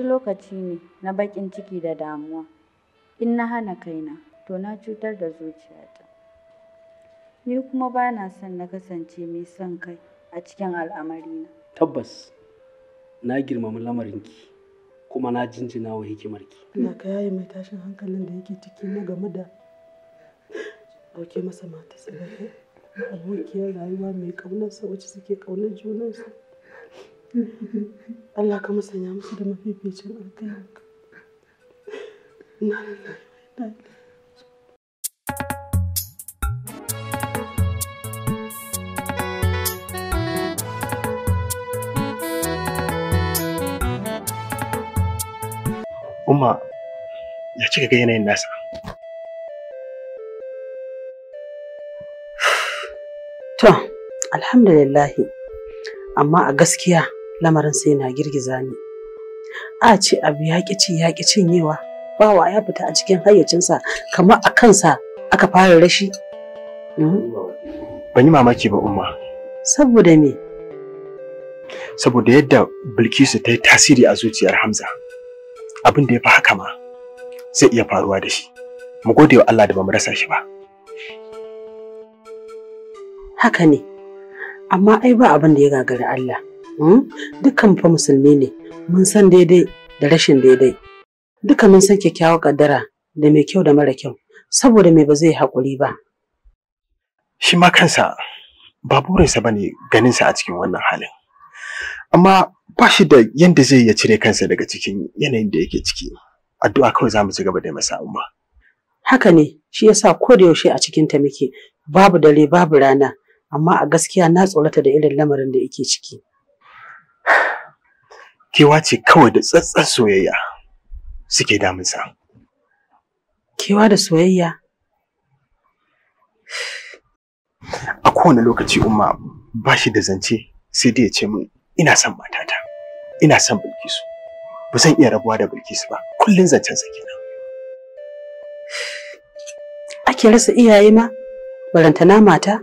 yanzu lokaci ne na baƙin ciki da damuwa. In na hana kaina, to na cutar da zuciyata. Ni kuma ba na son na kasance mai son kai a cikin al'amarina. Tabbas, na girmama lamarinki kuma na jinjina wa hikimarki. Allah ka yayi mai tashin hankalin da yake ciki na game da ɗauke masa mata sadaka. Abokiyar rayuwa mai ƙaunarsa wacce suke ƙaunar junansu. Allah ka musanya musu da mafificin alkhairinka Na Umma ya cika ga yanayin nasa. To, alhamdulillahi, amma a gaskiya lamarin sai na girgiza ni a ce abu ya ci ya cinyewa bawa ya fita a cikin hayyacinsa kamar a kansa aka fara rashi hmm? ban yi mamaki ba umma saboda me saboda yadda bilkisu ta yi tasiri a zuciyar hamza abin da ya fi haka ma zai iya faruwa da shi mu gode wa Allah da bamu rasa shi ba haka ne amma ai ba abin da ya gagari Allah Hmm? dukkan fa musulmi ne mun san daidai da rashin daidai duka mun san kyakkyawar kaddara da mai kyau da mara kyau saboda mai ba zai haƙuri ba shi ma kansa ba burinsa bane ganin sa a cikin wannan halin amma ba shi da yadda zai ya cire kansa daga cikin yanayin da yake ciki addu'a kawai za mu ci gaba da masa umma haka ne shi yasa ko da yaushe a cikin ta muke babu dare babu rana amma a gaskiya na tsorata da irin lamarin da yake ciki kewa ce kawai da tsatsar soyayya suke damunsa. Kewa da soyayya? A kowane lokaci umma ba shi da zance sai dai ya ce min ina son matata, ina son Bilkisu. Ba zan iya rabuwa da Bilkisu ba, kullum zancen sa kenan. Ake rasa iyaye ma, barantana mata?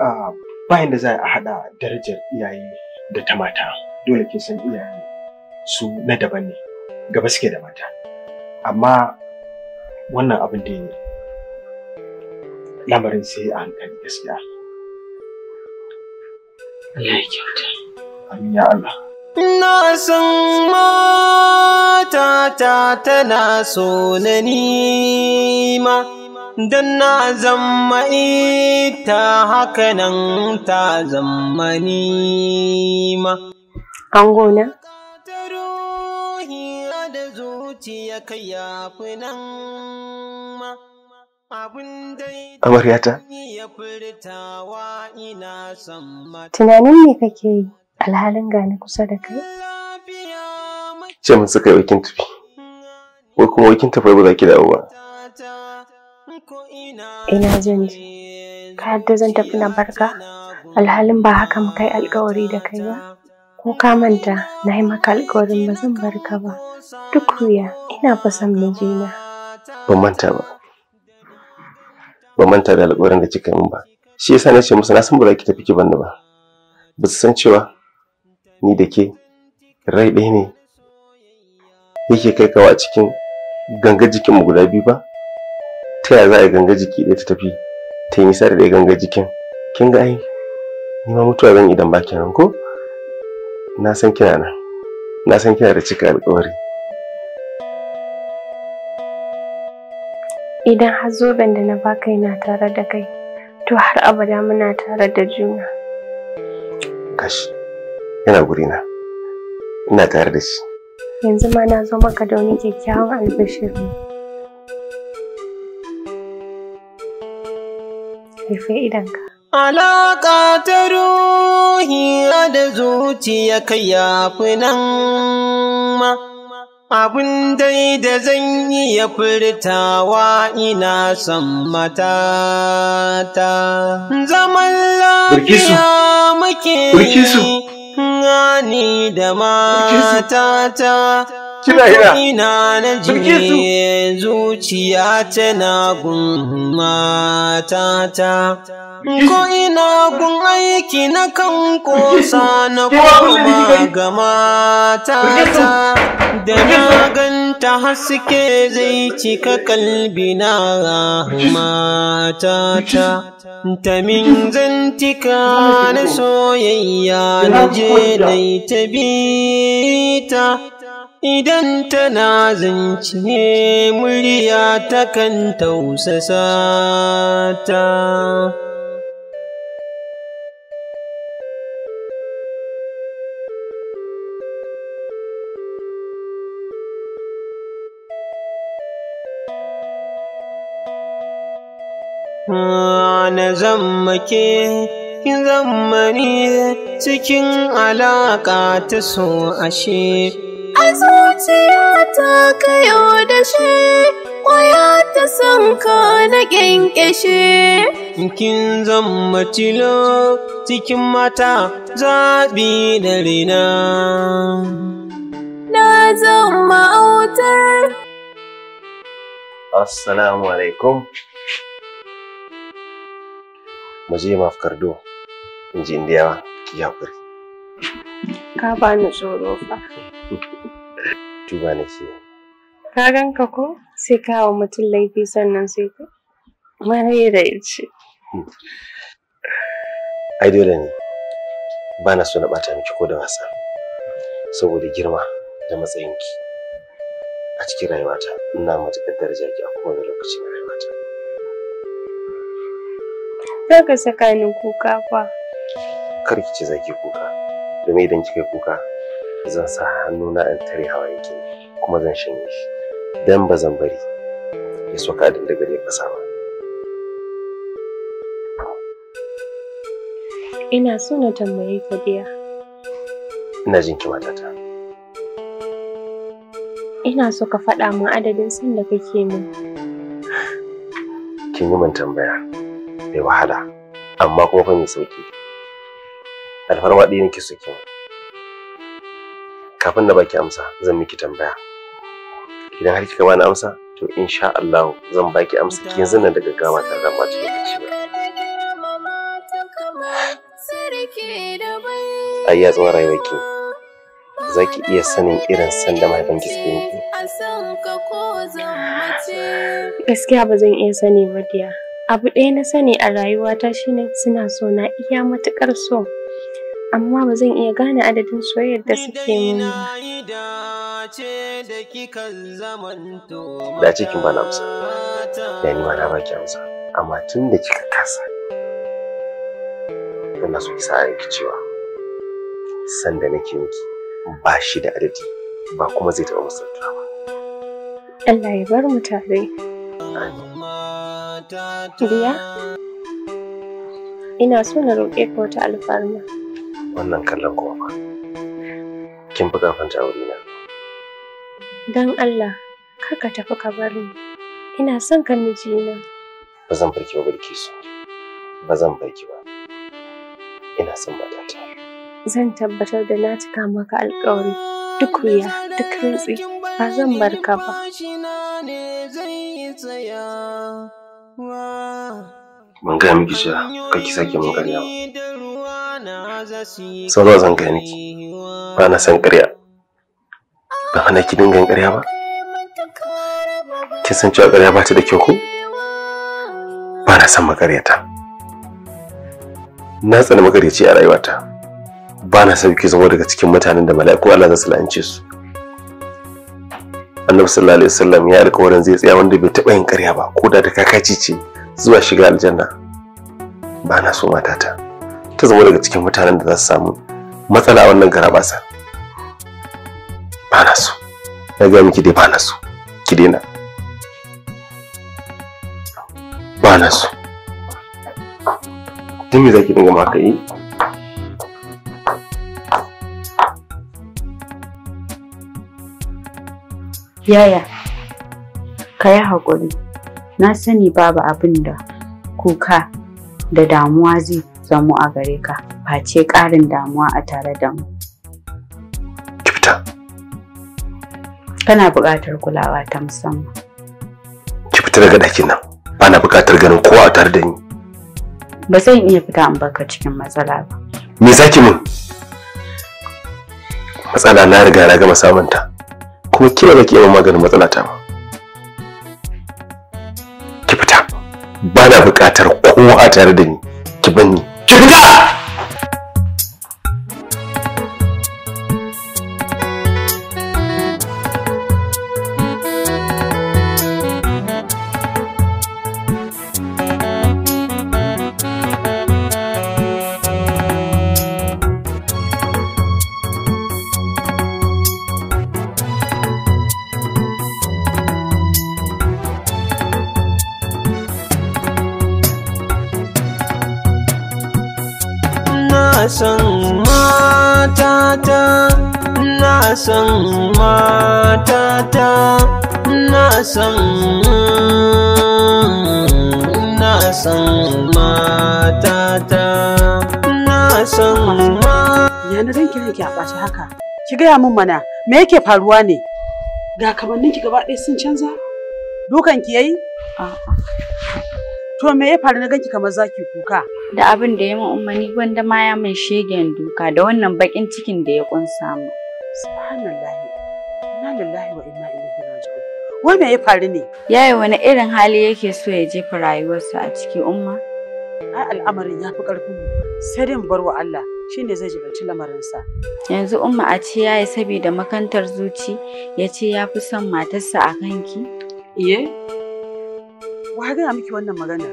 Ah, bayan da za a haɗa darajar iyaye da ta mata dole ke san iyaye su na daban ne gaba suke da mata amma wannan abin da ne lamarin sai a hankali gaskiya Allah ya kyauta amin ya Allah na san matata tana so na nima don na ta ita haka nan ta zamani ma. An gona? Amaryata. Tunanin me kake yi alhalin gani kusa da kai? Ce mun suka yi wakin tafi, ko kuma wakin tafi ba za ki dawo ba. ina jin je ka yadda zan tafi na barka alhalin ba haka mu kai alkawari da kai ba ko ka manta na yi maka alkawarin ba zan bar ba duk wuya ina fa son mijina ban manta ba ban manta da alkawarin da kika min ba shi yasa na ce musu na san ba za ki tafi ki banda ba ba su san cewa ni da ke rai ɗaya ne yake kai kawa a cikin gangar jikinmu guda biyu ba ta yaya za a ganga jiki ɗaya ta tafi ta yi nisa da ɗaya ganga jikin kin ga ai ni ma mutuwa zan idan ba kenan ko na san kina nan na san kina da cika alƙawari idan har zoben da na baka na tare da kai to har abada muna tare da juna Kashi. yana na ina tare da shi yanzu ma na zo maka da wani kyakkyawan albishirin. rufe idanka. Alaƙa ta ruhi da zuciya kai ya fi nan ma, abin dai da zan yi ya furtawa ina son matata. Zaman lafiya muke ni da matata. ina hira zuciya tana gun matata ko ina gun aiki na kan kosa na koma ga matata da na ganta haske zai cika kalbina matata ta min zantika na soyayya na je na ta bita idan tana zance murya takan tausasa ta na zammake ki zammani cikin alaƙa ta so ashe zuciya ta kayo da shi ƙwaya ta san ka na ƙyanƙyashe kin zama tilo cikin mata zaɓi da rina na zama autar assalamu alaikum mu je mafkardo in ji indiyawa ki haƙuri ka bani tsoro fa Duba nake. Ka ganka ko sai kawo mutum laifi sannan sai ka? Mare da yace. Hmm. Ai dole ne. Ba na so na ɓata miki ko da wasa. Saboda girma da matsayinki. A cikin rayuwata ina matuƙar daraja ki a kowane lokacin rayuwata. Za ka saka ni kuka fa. Kar ki ce za kuka. Domin idan kika yi kuka zan sa hannuna in tare hawayen yake kuma zan shanye shi dan ba zan bari ya soka daga dandagare ƙasa ba ina so na tambaye ka biya ina jin ki matata ina so ka faɗa min adadin san da kake min kin yi min tambaya mai wahala amma kuma fa mai sauki alfarma ɗaya nake so kenan kafin na baki amsa zan miki tambaya idan har kika bani amsa to insha Allah zan baki amsa ki yanzu nan da gaggawa ta zama ta lokaci ba a iya rayuwarki za ki iya sanin irin sanda mahaifinki suke miki gaskiya ba zan iya sani ba diya abu ɗaya na sani a rayuwata shine suna so na iya matuƙar so amma ba zan iya gane adadin soyayyar da suke mini ba. Da cikin ba na amsa, da ni ma na baki amsa, amma tun da kika kasa, ina so ki sa aiki cewa sanda nake miki ba shi da adadi ba kuma zai taɓa musaltuwa ba. Allah ya bar mu tare. Diya, ina so na roƙe ka wata alfarma. wannan kallon kuma fa kin fi kafanta a wurina. dan Allah kar ka tafi ka bari ina son ka mijina ba zan farki ba barki su ba zan farki ba ina son matata zan tabbatar da na cika maka alƙawari duk wuya duk rutsi ba zan bar ka ba Mun gaya miki cewa kaki sake mun ƙarya ba Sauran zan gane ki, ba na san ƙarya. Ba hana ki dingan ƙarya ba? Kin san cewa ƙarya ba ta da kyau ko? Ba na san makaryata. Na tsani makaryaci a rayuwata. Ba na son ki zama daga cikin mutanen da mala'iku Allah za su la'ance su. Annabi sallallahu alaihi wasallam ya alƙawarin zai tsaya wanda bai taɓa yin ƙarya ba ko da ta kakaci ce zuwa shiga aljanna. Ba na so matata. ta zama daga cikin mutanen da za su samu matsala a wannan garabasa ba na so ya ga miki dai ba na su ki daina ba na so din me za ki dinga maka yi yaya ka yi haƙuri na sani babu abin da kuka da damuwa zai zamo a gare ka face ƙarin damuwa a tare da mu. Kifta. Kana buƙatar kulawa ta musamman. Ki fita daga ɗakin nan, ba na buƙatar ganin kowa a tare da ni. Ba zan iya fita in baka cikin matsala ba. Me za ki min? Matsala na riga na gama samunta, kuma ke ba ki iya maganin matsala ta ba. Ki fita, ba na buƙatar kowa a tare da ni, ki bani. 去参加。san matata na san na san matata na san ma yana dan kira ki a ɓaci haka ki gaya mun mana me yake faruwa ne ga kamannin ki gaba ɗaya sun canza dukan ki yayi to me ya faru na ganki kamar zaki kuka da abin da ya min umarni gwanda ma ya mun shegen duka da wannan bakin cikin da ya kunsa mu subhanallahi inna lillahi wa inna ilaihi raji'un wai me ya faru ne yayi wani irin hali yake so ya jefa rayuwarsa a ciki umma ai al'amarin ya fi karfin mu sai dai mu bar wa Allah ne zai jibanci lamarinsa yanzu umma a ce yayi saboda makantar zuci ya ce ya fi son matarsa a kanki iye wa gaya miki wannan magana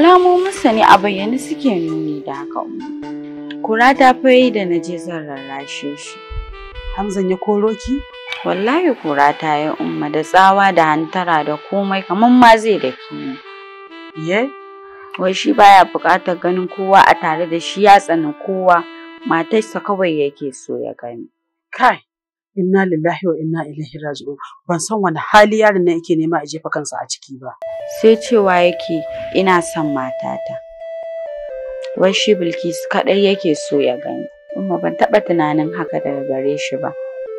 alamominsa ne a bayyane suke nuni da haka umma kura ta fi yi da je zan rarrashe shi Hamzan ya koro ki? Wallahi kura ta yi umma da tsawa da hantara da komai kamar ma zai da ki. Ye? Wai shi baya buƙatar ganin kowa a tare da shi ya tsani kowa matarsa kawai yake so ya gani. Kai! Inna lillahi wa inna ilaihi raji'un ban san wani hali yaron nan yake nema a jefa kansa a ciki ba. Sai cewa yake ina son matata. Wai shi Bilkisu kaɗai yake so ya gani. kuma ban taɓa tunanin haka daga gare shi ba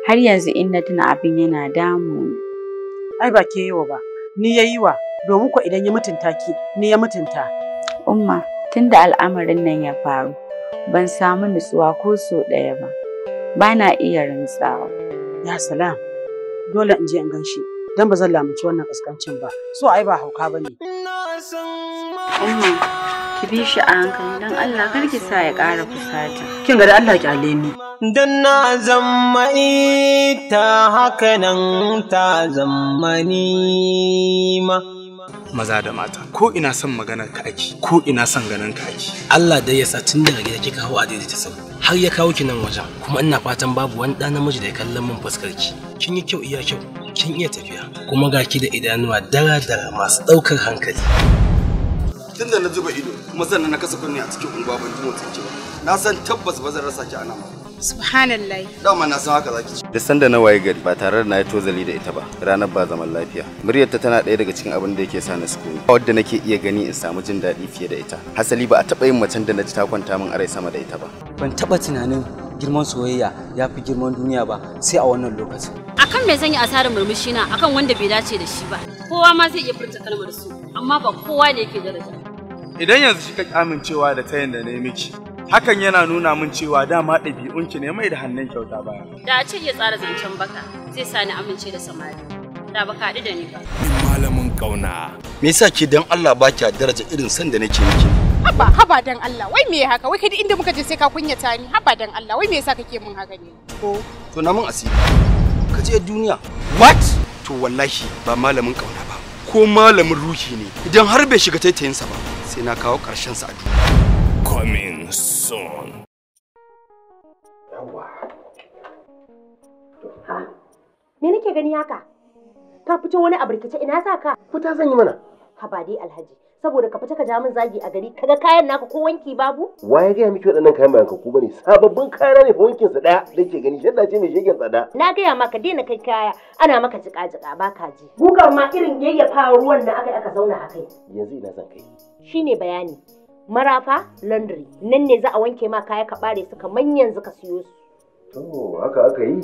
har yanzu in na tuna abin yana damu ai ba ke yiwa ba ni ya yi wa? domin ko idan ya mutunta ki ni ya mutunta umma tunda al'amarin nan ya faru ban samu nutsuwa ko so ɗaya ba ba na iya rantsawa ya salam dole in je in gan shi don ba zan lamunci wannan ƙasƙancin ba so ai ba hauka ba ne umma ki bi shi a hankali don Allah kar ki sa ya ƙara fusata. Kin ga da Allah ki aleni. Dan na zammani ta haka nan ta zammani ma. maza da mata ko ina son maganar ka ake ko ina son ganin ka ake Allah dai ya sa tun daga gida ki kawo a daidaita sau har ya kawo ki nan wajen kuma ina fatan babu wani ɗan namiji da ya kallon min fuskar ki kin yi kyau iya kyau kin iya tafiya kuma ga ki da idanuwa dara dara masu ɗaukar hankali tun da na zuba ido kuma sannan na kasa kunni a cikin unguwa ban jin motsin ba na san tabbas ba zan rasa ki a nan ba subhanallahi dama na san haka zaki ci da sanda na waye gari ba tare da na yi tozali da ita ba ranar ba zaman lafiya muryar ta tana ɗaya daga cikin abin da yake sa na sukuni wadda nake iya gani in samu jin daɗi fiye da ita hasali ba a taɓa yin macen da na ji ta kwanta min arai sama da ita ba ban taɓa tunanin girman soyayya ya fi girman duniya ba sai a wannan lokacin akan me zan yi asarar murmushi na akan wanda bai dace da shi ba kowa ma zai iya furta kalmar su amma ba kowa ne yake daraja Idan yanzu shi ka amincewa da tayin da na miki, hakan yana nuna min cewa dama ɗabi'unki ne mai da hannun kyauta baya. Da a ce ya tsara zancen baka zai sa ni amince da samari. Da ba haɗu da ni ba. Malamin ƙauna. Me yasa ki dan Allah ba ki daraja irin san da nake miki? Haba haba dan Allah wai me haka wai kai inda muka je sai ka kunyata ni haba dan Allah wai me yasa kake min haka ne? Ko to na mun asiri. Ka je duniya. What? To wallahi ba malamin ƙauna ba. Ko malamin ruhi ne idan har bai shiga taitayinsa ba. sai na kawo ƙarshen sa a duniya. Coming soon. Yawa. Me nake gani haka? Ka fito wani abirkice ina sa ka? Fita zan yi mana. Haba dai Alhaji. saboda ka fita ka ja min zagi a gari kaga kayan naka ko wanki babu waye gaya miki waɗannan kayan bayan ku bane sababbin kaya ne fa wankin su daya ke gani shedda ce mai shegen tsada na ga maka daina kai kaya ana maka jika jika ba ka ji Bukar ma irin yayyafa ruwan da aka aka zauna a kai yanzu ina zan kai shine bayani marafa laundry nan ne za a wanke ma kaya ka bare su kamar yanzu ka siyo su to haka aka yi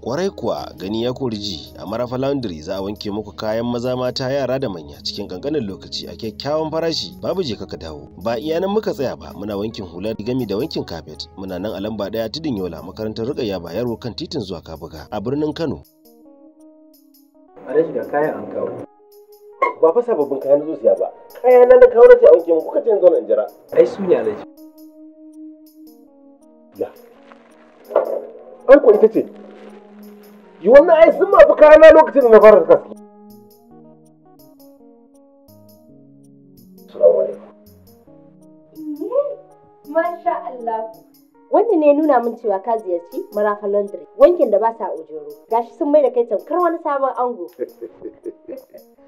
Kwarai kuwa gani ya kori ji a Marafa Laundry za a wanke muku kayan maza mata yara da manya cikin kankanin lokaci a kyakkyawan farashi babu je kaka dawo. Ba iya nan muka tsaya ba muna wankin hular gami da wankin kafet muna nan a lamba daya tudun yola makarantar Rukayya yaro kan titin zuwa Kabuga a birnin Kano. A shiga kayan an kawo. Ba fa sababbin kayan zuciya ba. Kaya na kawo na ce a wanke muku kuka ce jira. Ai su ne alaji. Ya. Ai ita ce Yi wannan ai sun mafi kayana lokacin da na fara gaske. Eh, masha Allah. Wannan ne nuna min cewa ka ziyarci Marafa Laundry, wankin da ba sa ojoro. Gashi sun mai da kai tamkar wani sabon ango.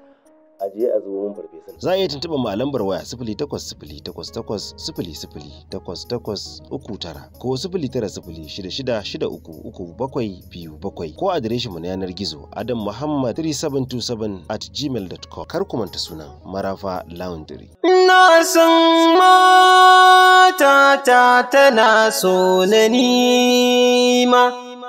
a je a zuwa mun farfesa. Za a iya tuntuɓa ma lambar waya. sifili takwas sifili takwas takwas sifili sifili takwas takwas uku tara ko sifili tara sifili shida shida shida uku uku bakwai biyu bakwai ko adireshin mu na yanar gizo adam muhammad 3727 at gmail.com kar ku manta sunan marafa laundry. Na san ta tana so na nima.